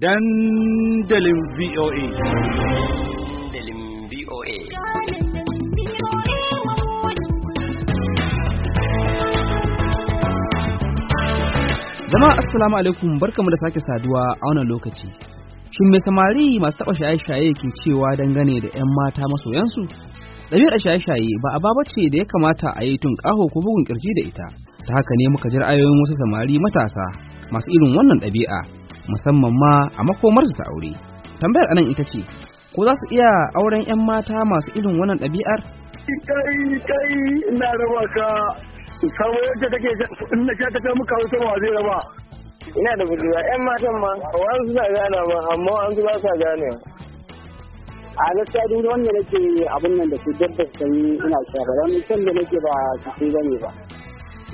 dandalin VOA. Dandalin VOA. Zama Assalamu alaikum barkamu da sake saduwa a wannan lokaci. Shin mai samari masu taɓa shaye-shaye ke cewa dangane da 'yan mata masoyansu? Ɗabi'ar shaye-shaye ba a baba ce da ya kamata a yi tun ƙaho ko bugun ƙirji da ita. Ta haka ne muka jira ayoyin wasu samari matasa masu irin wannan ɗabi'a musamman ma a makomarsu ta aure tambayar anan ita ce ko za su iya auren 'yan mata masu irin wannan ɗabi'ar kai kai ina raba ka samu yadda kake ina na ta muka wasu ma zai raba ina da budurwa 'yan matan ma wani su sa gana ba amma an su ba sa gane a gaskiya duk wanda nake abin nan da su dabba su ina shafa wani can da nake ba su sai gane ba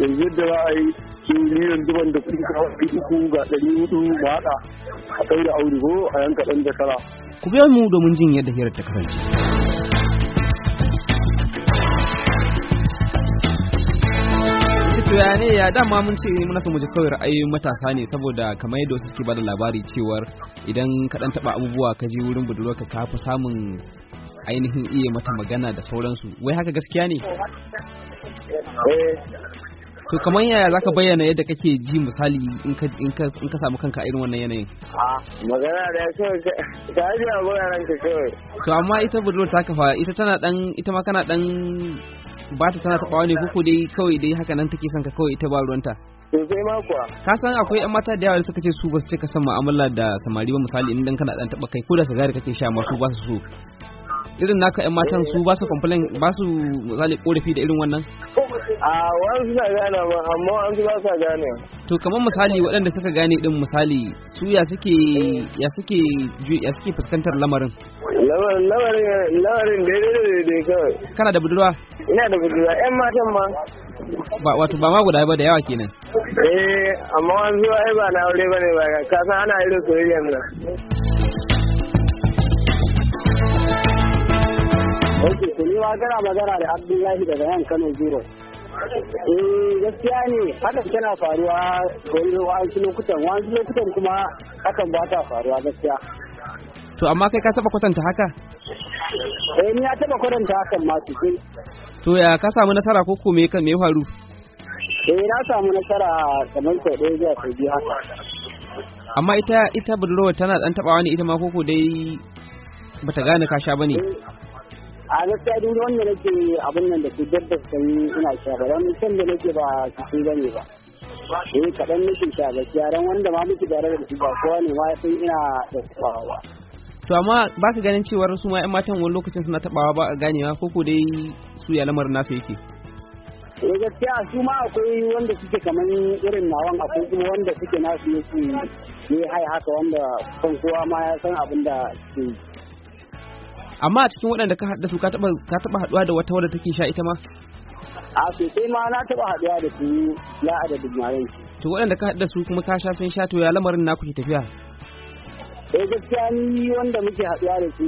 yanzu da ba a yi su miliyan zuban da kuka kawo uku ga ɗari hudu mu haɗa a kai da a yanka ɗan jakara. Ku biya mu domin jin yadda hirar ta kasance. ya dama mun ce muna so mu ji kawai ra'ayoyin matasa ne saboda kamar yadda wasu suke bada labari cewar idan ka dan taba abubuwa ka je wurin budurwarka ka fi samun ainihin iya mata magana da sauransu wai haka gaskiya ne eh, to kamar yaya zaka bayyana yadda kake ji misali in ka in ka in ka samu kanka a irin wannan yanayin a magana da kawai ka ji a bayanan ka kai to amma ita budurwar ta kafa ita tana dan ita ma kana dan ba ta tana tabawa ne ko dai kawai dai haka nan take son ka kawai ita ba ruwanta ka san akwai yan mata da yawa suka ce su ba su ce ka san mu'amala da samari ba misali in dan kana dan taba kai ko da sigari kake sha ma su ba su so irin naka yan matan su ba su complain ba su misali korafi da irin wannan a wasu na gane ba amma an ba sa gane to kamar misali waɗanda suka gane din misali su ya suke ya suke ya suke fuskantar lamarin lamarin lamarin daidai daidai kawai kana da budurwa ina da budurwa yan matan ma ba wato ba ma guda ba da yawa kenan eh amma wanzu ai ba na aure bane ba ka san ana irin soyayya nan Ok, to ni magana magana da Abdullahi daga yan Kano Zero. Eh gaskiya ne hakan tana faruwa wani wa'ansu lokutan wa'ansu lokutan kuma hakan ba ta faruwa gaskiya. To amma kai ka taba kwatanta haka? Eh ni ya taba kwatanta hakan ma kai. To ya ka samu nasara ko kuma me kan me faru? Eh na samu nasara kamar sau ɗaya ga sau biyu haka. Amma ita ita budurwar tana ɗan tabawa ne ita ma koko dai bata gane ka sha ba ne. Eh, a gaskiya duk wanda nake abin nan da su dabbar sanyi ina sha ba don san da nake ba su bane ba eh kaɗan nake sha gaskiya don wanda ma muke tare da su ba kowa ne ma sai ina da tsawa ba to amma ba ka ganin cewar su ma 'yan matan wani lokacin suna tabawa ba a ganewa ko ko dai su ya lamarin nasu yake eh gaskiya su ma akwai wanda suke kaman irin nawan akwai kuma wanda suke nasu ne su ne hai haka wanda kan kowa ma ya san abin da suke amma a cikin waɗanda ka haɗa su ka taɓa ka taɓa haɗuwa da wata wadda take sha ita ma a sosai ma na taɓa haɗuwa da su ya adadin mayan to waɗanda ka haɗa su kuma ka sha sun sha to ya lamarin na kuke tafiya eh gaskiya ni wanda muke haɗuwa da su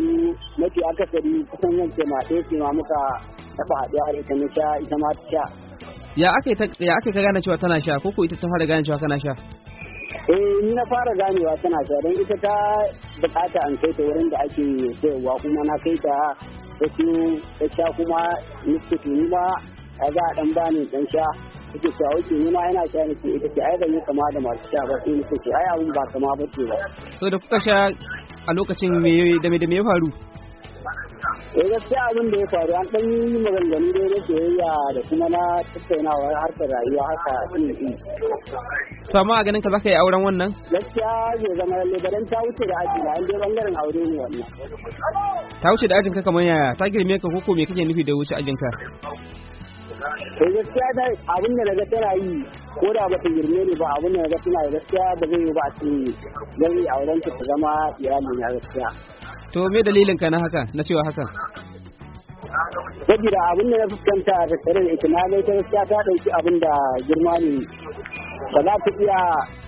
mafi akasari kusan yanke ma ɗaya ce ma muka taɓa haɗuwa da ita na sha ita ma ta sha ya aka yi ka gane cewa tana sha ko ko ita ta fara gane cewa kana sha eh ni na fara ganewa tana sha don ita ta bukata an kai ta wurin da ake sayarwa kuma na kai ta wasu ta sha kuma niskutu ni ma a za a dan bani dan sha suke sha wuce ni ma yana sha nake ita ce ai ban yi kama da masu sha ba sai nake ce ai abun ba kama ba ce ba. so da kuka sha a lokacin me da me da me ya faru. eh gaskiya abin da ya faru an ɗan yi maganganu da na soyayya da kuma na tattaunawa harkar rayuwa haka ɗin to amma a ganin ka zaka yi auren wannan gaskiya zai zama lalle baran ta wuce da aji na dai bangaren aure ne wannan ta wuce da ajin ka kamar yaya ta girme ka ko me kake nufi da wuce ajin ka eh gaskiya ta abin da daga tana yi ko da bata girme ne ba abin da daga tana gaskiya da zai yi ba a cikin gari auren ta zama iyali na gaskiya to me dalilin ka na haka na cewa haka saboda abin da na fuskanta da tsarin da itinalai ta gaskiya ta ɗauki abin da girma ne ba za ta iya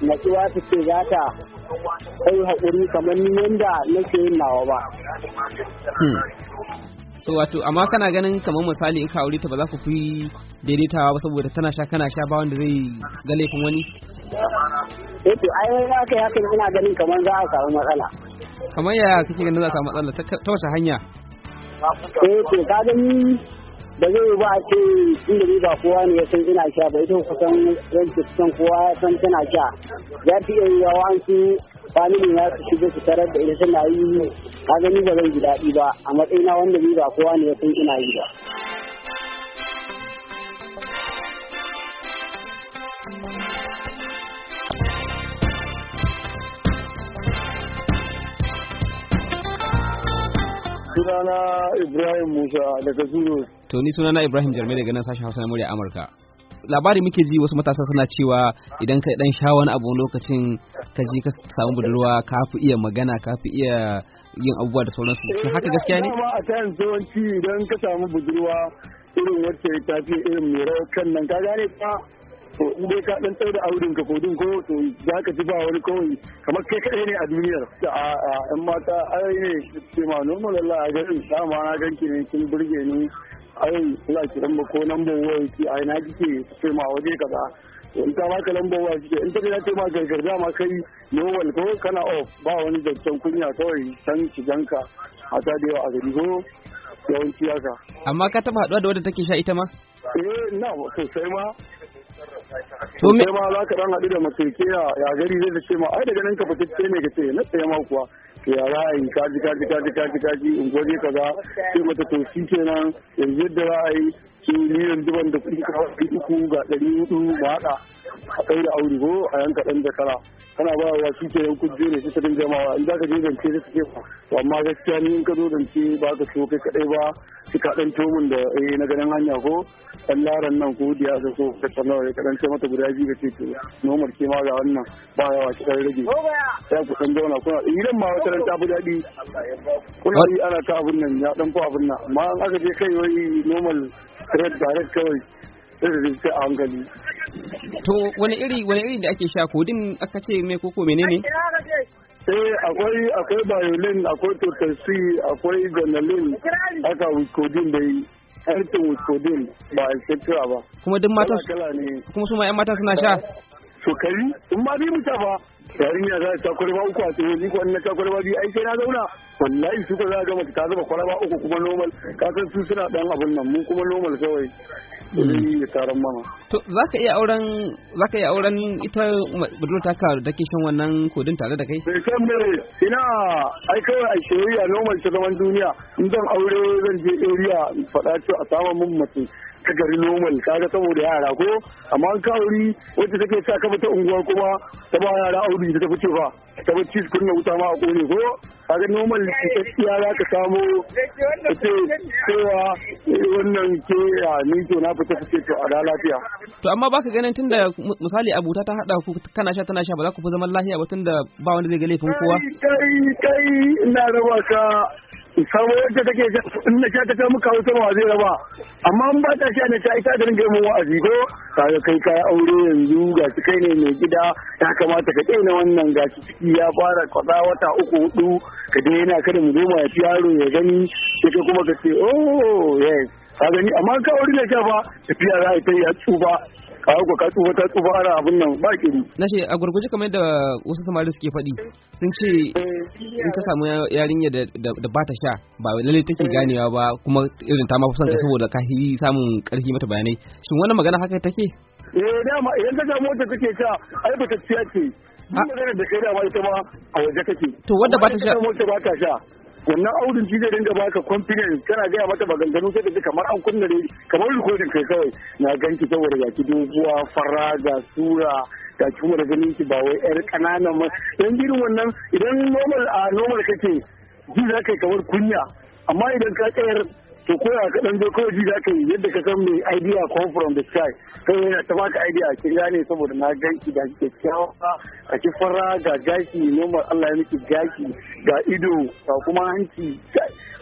natsuwa ta ce za ta kai haƙuri kamar yadda nake yin nawa ba hmm. to wato amma kana ganin kamar misali in ka aure ta ba za ku fi daidaitawa ba saboda tana sha kana sha ba wanda zai ga laifin wani eh to ai kai hakan ina ganin kamar za a samu matsala kamar yaya kake ganin za a samu matsala ta wace hanya eh to ka gani da zai yi ba a ce inda ni ba kowa ne ya san ina sha Bai ita kusan yanki kusan kowa ya san tana sha za yawa iya su bani ne ya su shiga su tarar da ita tana yi ka gani ba zan ji daɗi ba a matsayina wanda ni ba kowa ne ya san ina yi ba. sunana ibrahim musa daga zuru to ni sunana ibrahim jarme daga nan sashen hausa na murya amurka labari muke ji wasu matasa suna cewa idan ka dan sha wani abu lokacin ka ji ka samu budurwa ka fi iya magana ka fi iya yin abubuwa da sauransu shin haka eh, gaskiya ne a ta zuwanci yawanci idan ka samu budurwa irin wacce ta fi irin mai rawar kan nan ka gane ta to in dai ka dan tsaye da auren ka din ko to za ka ji ba wani kawai kamar kai kadai ne a duniyar a yan mata ai ne ce ma normal Allah a sa sama na ganki ne kin burge ni ai Allah ki dan ko number waya ki ai na kike ce ma waje kaza in ta baka number waya kike in ta ce ma gargar ma kai normal ko kana off ba wani zancen kunya kawai san ki ganka a ta da yawa a gari ko yawanci haka amma ka taba haduwa da wadda take sha ita ma eh na sosai ma to me ma za ka dan haɗu da makirke ya gari zai ta ce ma ai da ganin ka ce ne ka ce na tsaye ma kuwa to ya za a yi kaji kaji kaji kaji kaji in kaza sai mata to shi kenan yanzu yadda za a yi su miyan zuban da kuɗi kawo ɗari uku ga ɗari hudu ba haɗa a da aure ko a yanka ɗan jakara kana ba wa shi ke yankun jere shi ta jama'a in za ka je zance da suke to amma gaskiya ni in ka zo zance ba ka so kai kaɗai ba shi ka ɗan tomin da eh na ganin hanya ko ɗan laran nan ko diya ka so ka tsana ya ka ɗan ce mata guda biyu ka ce to nomar ke ma ga wannan ba ya wa ɗan rage ya ku ɗan zauna kuna idan ma wata ran ta fi daɗi kuna yi ana ta abin nan ya ɗan ku abin nan amma an aka je kai wai nomal. red direct kawai sai da sai a hankali to wani iri wani iri da ake sha kodin aka ce ko ko menene eh akwai akwai biolin akwai totarsi akwai gonalin aka kodin da yi harkin wiskodin ba a shekara ba kuma duk mata kuma su ma 'yan mata suna sha sukari in ma bi mu ba yarinya za ta kwalba uku a tsaye ni ko na ta kwalba biyu ai sai na zauna wallahi su ko za ga mace ta zuba kwalba uku kuma normal ka san su suna dan abin nan mu kuma normal kawai zaka mm. ya taron mana. To za ka iya auren za ka iya auren ita budurwar taka da kishin shan wannan kudin tare da kai? Bai kan bai ina ai kawai a noma normal zaman duniya in zan aure zan je area in faɗa a saman mun mace ta gari normal kaga saboda yara ko amma an kawari wacce take sa ka fita unguwa kuma ta ba yara auri ta tafi ce ba. kamar ci su kunna wuta ma a kone ko a ga normal gaskiya za ka samu ka ce cewa eh, wannan ke a nito na fita fice to a lafiya. to amma baka ganin tunda misali abuta ta hada ku kana sha tana sha ba za ku fi zaman lafiya ba tunda ba wanda zai ga laifin kowa. kai kai ina raba ka samu yadda take in na sha ta kai muka hausa zai raba amma in ba ta sha na sha ita da ringa mun wa'azi ko kaga kai ka aure yanzu ga su kai ne mai gida ya kamata ka daina wannan ga su ciki ya fara kwaza wata uku hudu ka daina kada mu zo ya fi yaro ya gani sai kuma ka ce oh yes ka gani amma ka wuri ne kyafa tafiya za a yi ya tsufa ka hauka ka tsufa ta tsufa ana abin nan ba kiri. na ce a gurguje kamar yadda wasu samari suke faɗi sun ce eh. in ka samu yarinya da ba ta sha ba lalle take eh. ganewa ba kuma irin ta ma fi son ka eh. saboda ka yi samun ƙarfi mata bayanai shin wannan magana haka take. eh dama idan ka samu wata take sha ai ba ta ciya ce. Ina ah. da kai dama ita ma a waje kake. To wadda ba ta sha. Wadda ba ta sha. wannan audin shi zai dinga baka confidence kana gaya mata maganganu sai da kamar an kunna ne kamar rikodin kai kawai na ganki saboda ga ki doguwa fara gasura sura ga ki kuma da ki ba wai yar kanana ma dan irin wannan idan normal a normal kake ji za kai kamar kunya amma idan ka tsayar to ko ya kaɗan dai kawai ji zaka yi yadda ka san mai idea come from the sky kai yana ta baka idea a kin gane saboda na ganki da kyawa a ki fara ga gashi nomar Allah ya miki gashi ga ido ga kuma hanci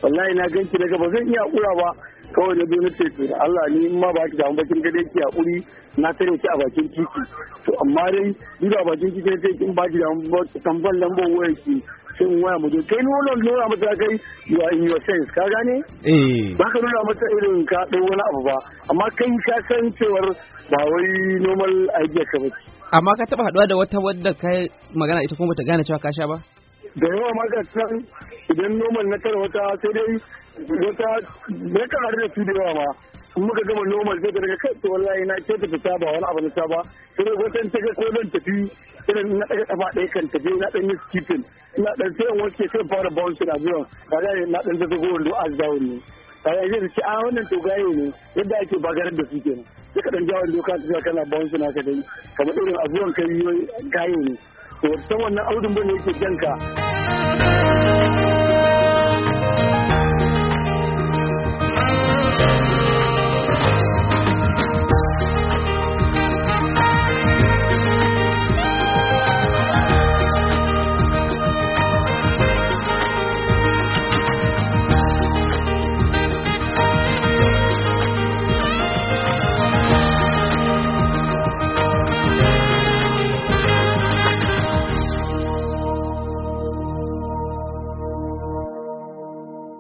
wallahi na ganki daga ba zan iya kura ba kawai na zo na ce to Allah ni in ma ba ki damu bakin gade ki uri na tare ki a bakin titi to amma dai duk a bakin kiki sai kin ba ki damu tambal lambar wayar ki sai waya mu je kai ni wannan nuna mata kai you are in your sense ka gane eh ba ka nuna mata irin ka dau wani abu ba amma kai ka san cewar ba wai normal idea ka ba amma ka taba haduwa da wata wadda kai magana ita kuma bata gane cewa ka sha ba da yawa ma ga can idan normal na tara wata sai dai wata ne kan da su da yawa ma in muka gama normal sai ta daga kai to wallahi na ce ta fita ba wani abu na ta ba sai dai wata ta ga ko zan tafi irin na daga kafa ɗaya kan tafi na dan yi skipping na dan sai wanke sai fara bouncing a zuwa kaga na dan zaga gowan do az dawo ne kaga zai ce a ah, wannan to gaye ne yadda ake bagarar da su kenan sai ka dan jawo doka ta kana bouncing haka dai kamar irin abuwan kai gaye ne to san wannan audun bane yake janka